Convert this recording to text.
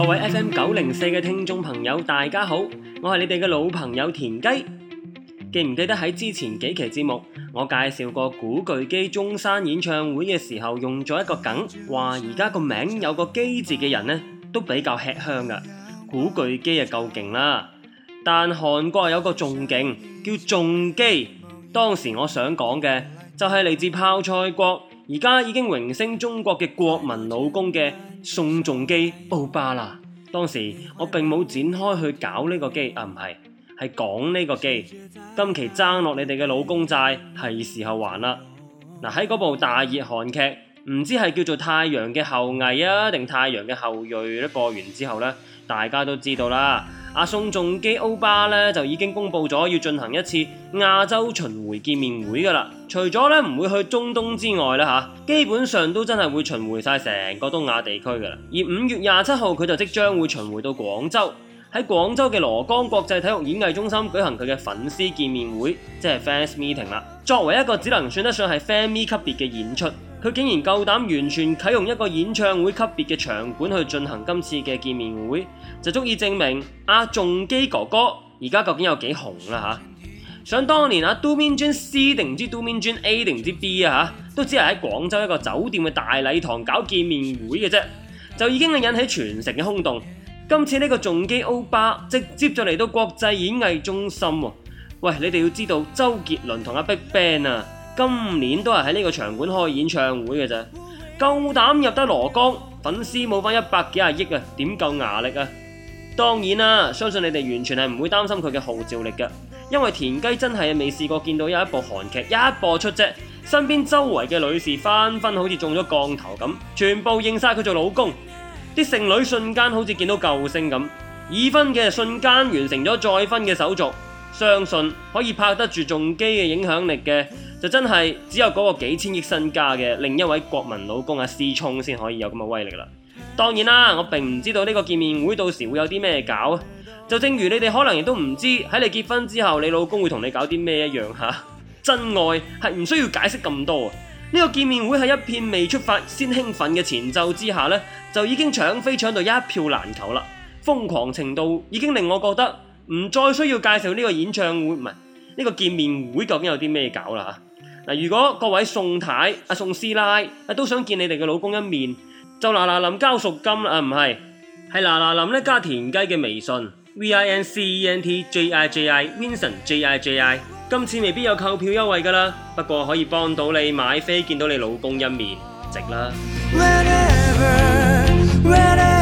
各位 FM 九零四嘅聽眾朋友，大家好，我係你哋嘅老朋友田雞。記唔記得喺之前幾期節目，我介紹過古巨基中山演唱會嘅時候，用咗一個梗，話而家個名有個基字嘅人呢，都比較吃香噶。古巨基啊，夠勁啦，但韓國有個仲勁，叫仲基。當時我想講嘅，就係嚟自泡菜國。而家已經榮升中國嘅國民老公嘅宋仲基歐巴啦。當時我並冇展開去搞呢個機，啊唔係，係講呢個機。今期爭落你哋嘅老公債，係時候還啦。嗱，喺嗰部大熱韓劇，唔知係叫做《太陽嘅後，後裔》啊，定《太陽嘅後裔》咧，播完之後呢，大家都知道啦。阿宋仲基歐巴呢，就已經公布咗要進行一次亞洲巡迴見面會噶啦，除咗呢唔會去中東之外呢，吓，基本上都真係會巡迴晒成個東亞地區噶啦。而五月廿七號佢就即將會巡迴到廣州，喺廣州嘅蘿崗國際體育演藝中心舉行佢嘅粉絲見面會，即係 fans meeting 啦。作為一個只能算得上係 family 級別嘅演出。佢竟然夠膽完全啟用一個演唱會級別嘅場館去進行今次嘅見面會，就足以證明阿、啊、仲基哥哥而家究竟有幾紅啦、啊、吓！想當年啊 Do Min Jun C 定唔知 Do Min Jun A 定唔知 B 啊，啊，都只係喺廣州一個酒店嘅大禮堂搞見面會嘅啫，就已經係引起全城嘅轟動。今次呢個仲基歐巴直接就嚟到國際演藝中心、啊，喂，你哋要知道周杰倫同阿、啊、Big Bang 啊！今年都係喺呢個場館開演唱會嘅咋，夠膽入得羅江，粉絲冇翻一百幾十億啊，點夠牙力啊？當然啦、啊，相信你哋完全係唔會擔心佢嘅號召力嘅，因為田雞真係未試過見到有一部韓劇一播出啫，身邊周圍嘅女士紛紛好似中咗降頭咁，全部認晒佢做老公，啲剩女瞬間好似見到救星咁，已婚嘅瞬間完成咗再婚嘅手續，相信可以拍得住仲基嘅影響力嘅。就真係只有嗰個幾千億身家嘅另一位國民老公阿思聰先可以有咁嘅威力啦。當然啦，我並唔知道呢個見面會到時會有啲咩搞。就正如你哋可能亦都唔知喺你結婚之後，你老公會同你搞啲咩一樣。真愛係唔需要解釋咁多呢。呢個見面會喺一片未出發先興奮嘅前奏之下呢，就已經搶飛搶到一票難求啦。瘋狂程度已經令我覺得唔再需要介紹呢個演唱會，唔係呢個見面會究竟有啲咩搞啦。嗱，如果各位宋太，太、阿宋師奶都想見你哋嘅老公一面，就嗱嗱淋交贖金啦，啊唔係，係嗱嗱淋咧加田雞嘅微信 v i n c e n t j i j i v i n s o n j i j i，今次未必有購票優惠噶啦，不過可以幫到你買飛見到你老公一面，值啦。Whenever, whenever